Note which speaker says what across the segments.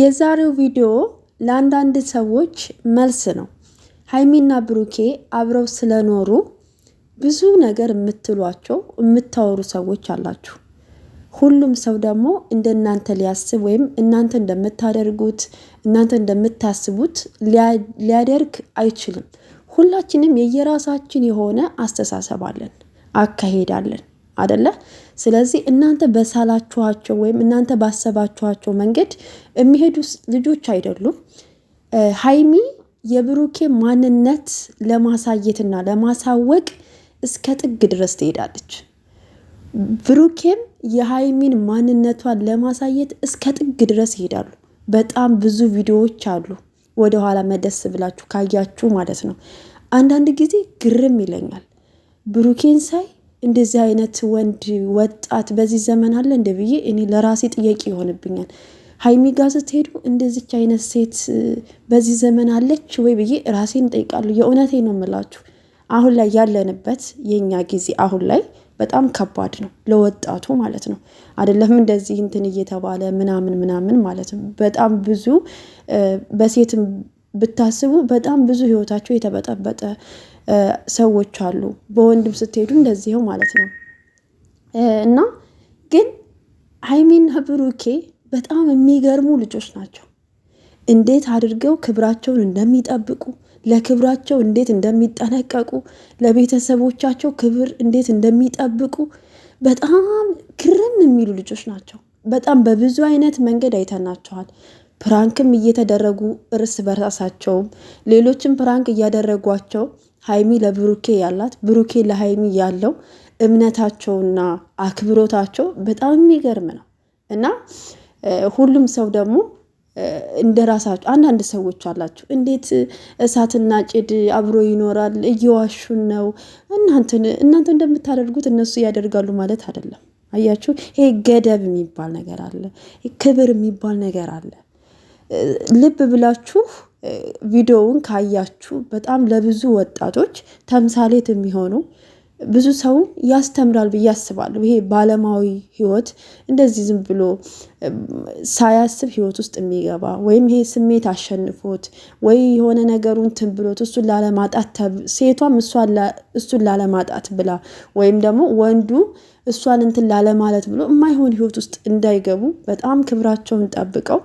Speaker 1: የዛሬው ቪዲዮ ለአንዳንድ ሰዎች መልስ ነው። ሀይሚና ብሩኬ አብረው ስለኖሩ ብዙ ነገር የምትሏቸው የምታወሩ ሰዎች አላችሁ። ሁሉም ሰው ደግሞ እንደ እናንተ ሊያስብ ወይም እናንተ እንደምታደርጉት እናንተ እንደምታስቡት ሊያደርግ አይችልም። ሁላችንም የየራሳችን የሆነ አስተሳሰብ አለን፣ አካሄድ አለን። አደለ? ስለዚህ እናንተ በሳላችኋቸው ወይም እናንተ ባሰባችኋቸው መንገድ የሚሄዱ ልጆች አይደሉም። ሀይሚ የብሩኬ ማንነት ለማሳየትና ለማሳወቅ እስከ ጥግ ድረስ ትሄዳለች። ብሩኬም የሀይሚን ማንነቷን ለማሳየት እስከ ጥግ ድረስ ይሄዳሉ። በጣም ብዙ ቪዲዮዎች አሉ፣ ወደኋላ መደስ ብላችሁ ካያችሁ ማለት ነው። አንዳንድ ጊዜ ግርም ይለኛል ብሩኬን ሳይ እንደዚህ አይነት ወንድ ወጣት በዚህ ዘመን አለ እንደ ብዬ እኔ ለራሴ ጥያቄ ይሆንብኛል። ሀይሚ ጋ ስትሄዱ እንደዚች አይነት ሴት በዚህ ዘመን አለች ወይ ብዬ ራሴን እጠይቃለሁ። የእውነቴ ነው የምላችሁ። አሁን ላይ ያለንበት የእኛ ጊዜ አሁን ላይ በጣም ከባድ ነው ለወጣቱ ማለት ነው። አይደለም እንደዚህ እንትን እየተባለ ምናምን ምናምን ማለት ነው። በጣም ብዙ በሴትም ብታስቡ በጣም ብዙ ህይወታቸው የተበጠበጠ ሰዎች አሉ። በወንድም ስትሄዱ እንደዚሁ ማለት ነው። እና ግን ሀይሚና ብሩኬ በጣም የሚገርሙ ልጆች ናቸው። እንዴት አድርገው ክብራቸውን እንደሚጠብቁ ለክብራቸው እንዴት እንደሚጠነቀቁ ለቤተሰቦቻቸው ክብር እንዴት እንደሚጠብቁ በጣም ክርም የሚሉ ልጆች ናቸው። በጣም በብዙ አይነት መንገድ አይተናቸዋል። ፕራንክም እየተደረጉ እርስ በራሳቸውም ሌሎችም ፕራንክ እያደረጓቸው ሀይሚ ለብሩኬ ያላት ብሩኬ ለሀይሚ ያለው እምነታቸውና አክብሮታቸው በጣም የሚገርም ነው እና ሁሉም ሰው ደግሞ እንደ ራሳቸው አንዳንድ ሰዎች አላቸው። እንዴት እሳትና ጭድ አብሮ ይኖራል? እየዋሹን ነው። እናንተን እናንተ እንደምታደርጉት እነሱ ያደርጋሉ ማለት አይደለም። አያችሁ፣ ይሄ ገደብ የሚባል ነገር አለ፣ ክብር የሚባል ነገር አለ። ልብ ብላችሁ ቪዲዮውን ካያችሁ በጣም ለብዙ ወጣቶች ተምሳሌት የሚሆኑ ብዙ ሰው ያስተምራል ብዬ አስባለሁ። ይሄ ባለማዊ ህይወት እንደዚህ ዝም ብሎ ሳያስብ ህይወት ውስጥ የሚገባ ወይም ይሄ ስሜት አሸንፎት ወይ የሆነ ነገሩን ትን ብሎት እሱን ላለማጣት ሴቷም እሱን ላለማጣት ብላ ወይም ደግሞ ወንዱ እሷን እንትን ላለማለት ብሎ የማይሆን ህይወት ውስጥ እንዳይገቡ በጣም ክብራቸውን ጠብቀው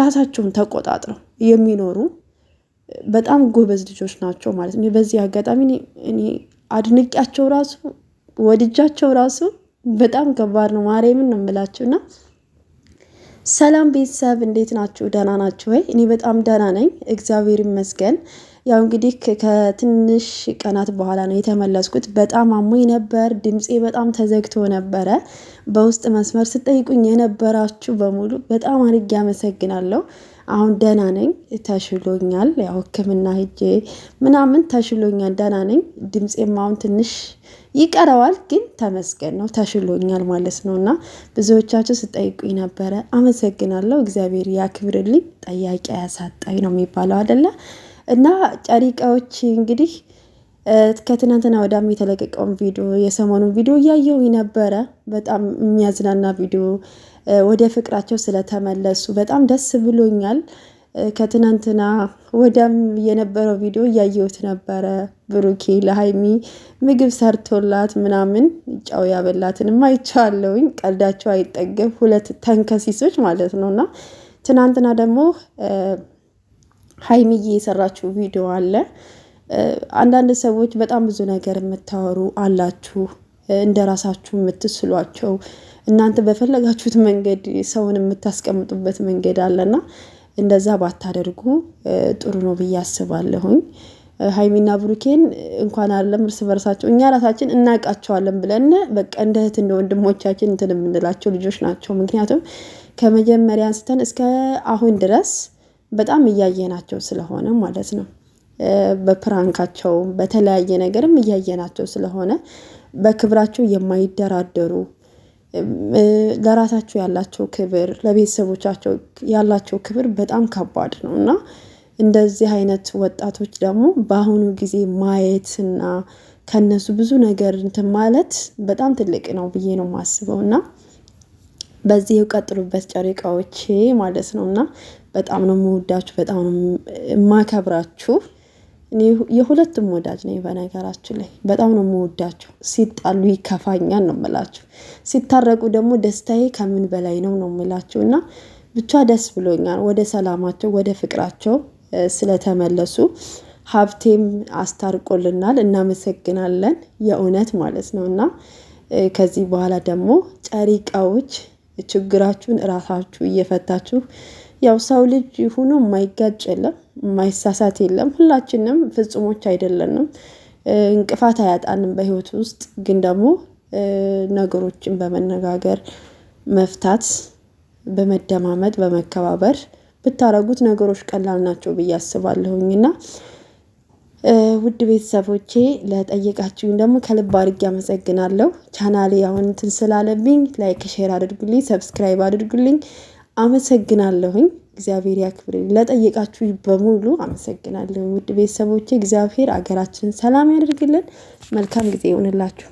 Speaker 1: ራሳቸውን ተቆጣጥረው የሚኖሩ በጣም ጎበዝ ልጆች ናቸው ማለት ነው። በዚህ አጋጣሚ እኔ አድንቂያቸው ራሱ ወድጃቸው ራሱ በጣም ከባድ ነው። ማርያምን ነው የምላችሁ እና ሰላም ቤተሰብ እንዴት ናችሁ? ደህና ናችሁ ወይ? እኔ በጣም ደህና ነኝ፣ እግዚአብሔር ይመስገን። ያው እንግዲህ ከትንሽ ቀናት በኋላ ነው የተመለስኩት። በጣም አሞኝ ነበር። ድምፄ በጣም ተዘግቶ ነበረ። በውስጥ መስመር ስጠይቁኝ የነበራችሁ በሙሉ በጣም አድርጌ አመሰግናለሁ። አሁን ደህና ነኝ፣ ተሽሎኛል። ያው ሕክምና ሄጄ ምናምን ተሽሎኛል፣ ደህና ነኝ። ድምፄም አሁን ትንሽ ይቀረዋል፣ ግን ተመስገን ነው፣ ተሽሎኛል ማለት ነው። እና ብዙዎቻችሁ ስጠይቁኝ ነበረ። አመሰግናለሁ፣ እግዚአብሔር ያክብርልኝ። ጠያቂ አያሳጣኝ ነው የሚባለው አይደለ? እና ጨሪቃዎች እንግዲህ ከትናንትና ወዳም የተለቀቀውን ቪዲዮ የሰሞኑን ቪዲዮ እያየው ነበረ። በጣም የሚያዝናና ቪዲዮ ወደ ፍቅራቸው ስለተመለሱ በጣም ደስ ብሎኛል። ከትናንትና ወዳም የነበረው ቪዲዮ እያየሁት ነበረ። ብሩኬ ለሀይሚ ምግብ ሰርቶላት ምናምን ጨው ያበላትን አይቼዋለሁኝ። ቀልዳቸው አይጠገብ ሁለት ተንከሲሶች ማለት ነው እና ትናንትና ደግሞ ሀይሚዬ የሰራችው ቪዲዮ አለ። አንዳንድ ሰዎች በጣም ብዙ ነገር የምታወሩ አላችሁ፣ እንደ ራሳችሁ የምትስሏቸው እናንተ በፈለጋችሁት መንገድ ሰውን የምታስቀምጡበት መንገድ አለና እንደዛ ባታደርጉ ጥሩ ነው ብዬ አስባለሁኝ። ሀይሚና ብሩኬን እንኳን አለም እርስ በርሳቸው እኛ ራሳችን እናውቃቸዋለን ብለን በቃ እንደ እህት እንደ ወንድሞቻችን እንትን የምንላቸው ልጆች ናቸው። ምክንያቱም ከመጀመሪያ አንስተን እስከ አሁን ድረስ በጣም እያየናቸው ስለሆነ ማለት ነው። በፕራንካቸው በተለያየ ነገርም እያየናቸው ስለሆነ በክብራቸው የማይደራደሩ ለራሳቸው ያላቸው ክብር ለቤተሰቦቻቸው ያላቸው ክብር በጣም ከባድ ነው እና እንደዚህ አይነት ወጣቶች ደግሞ በአሁኑ ጊዜ ማየትና ከነሱ ብዙ ነገር እንትን ማለት በጣም ትልቅ ነው ብዬ ነው የማስበው እና በዚህ የቀጥሉበት ጨሪቃዎች ማለት ነው። እና በጣም ነው የምወዳችሁ፣ በጣም ነው የማከብራችሁ። የሁለቱም ወዳጅ ነኝ በነገራችሁ ላይ በጣም ነው የምወዳችሁ። ሲጣሉ ይከፋኛል ነው የምላችሁ፣ ሲታረቁ ደግሞ ደስታዬ ከምን በላይ ነው ነው የምላችሁ። እና ብቻ ደስ ብሎኛል ወደ ሰላማቸው ወደ ፍቅራቸው ስለተመለሱ ሀብቴም አስታርቆልናል። እናመሰግናለን የእውነት ማለት ነው እና ከዚህ በኋላ ደግሞ ጨሪቃዎች ችግራችሁን እራሳችሁ እየፈታችሁ ያው ሰው ልጅ ሁኖ የማይጋጭ የለም፣ የማይሳሳት የለም። ሁላችንም ፍጹሞች አይደለንም። እንቅፋት አያጣንም በህይወት ውስጥ ግን ደግሞ ነገሮችን በመነጋገር መፍታት፣ በመደማመጥ፣ በመከባበር ብታረጉት ነገሮች ቀላል ናቸው ብዬ አስባለሁኝ እና ውድ ቤተሰቦቼ ለጠየቃችሁኝ ደግሞ ከልብ አድርጌ አመሰግናለሁ። ቻናሌ አሁን እንትን ስላለብኝ ላይክ፣ ሼር አድርጉልኝ፣ ሰብስክራይብ አድርጉልኝ። አመሰግናለሁኝ። እግዚአብሔር ያክብርልኝ። ለጠየቃችሁ በሙሉ አመሰግናለሁ። ውድ ቤተሰቦቼ እግዚአብሔር አገራችንን ሰላም ያደርግልን። መልካም ጊዜ ይሆንላችሁ።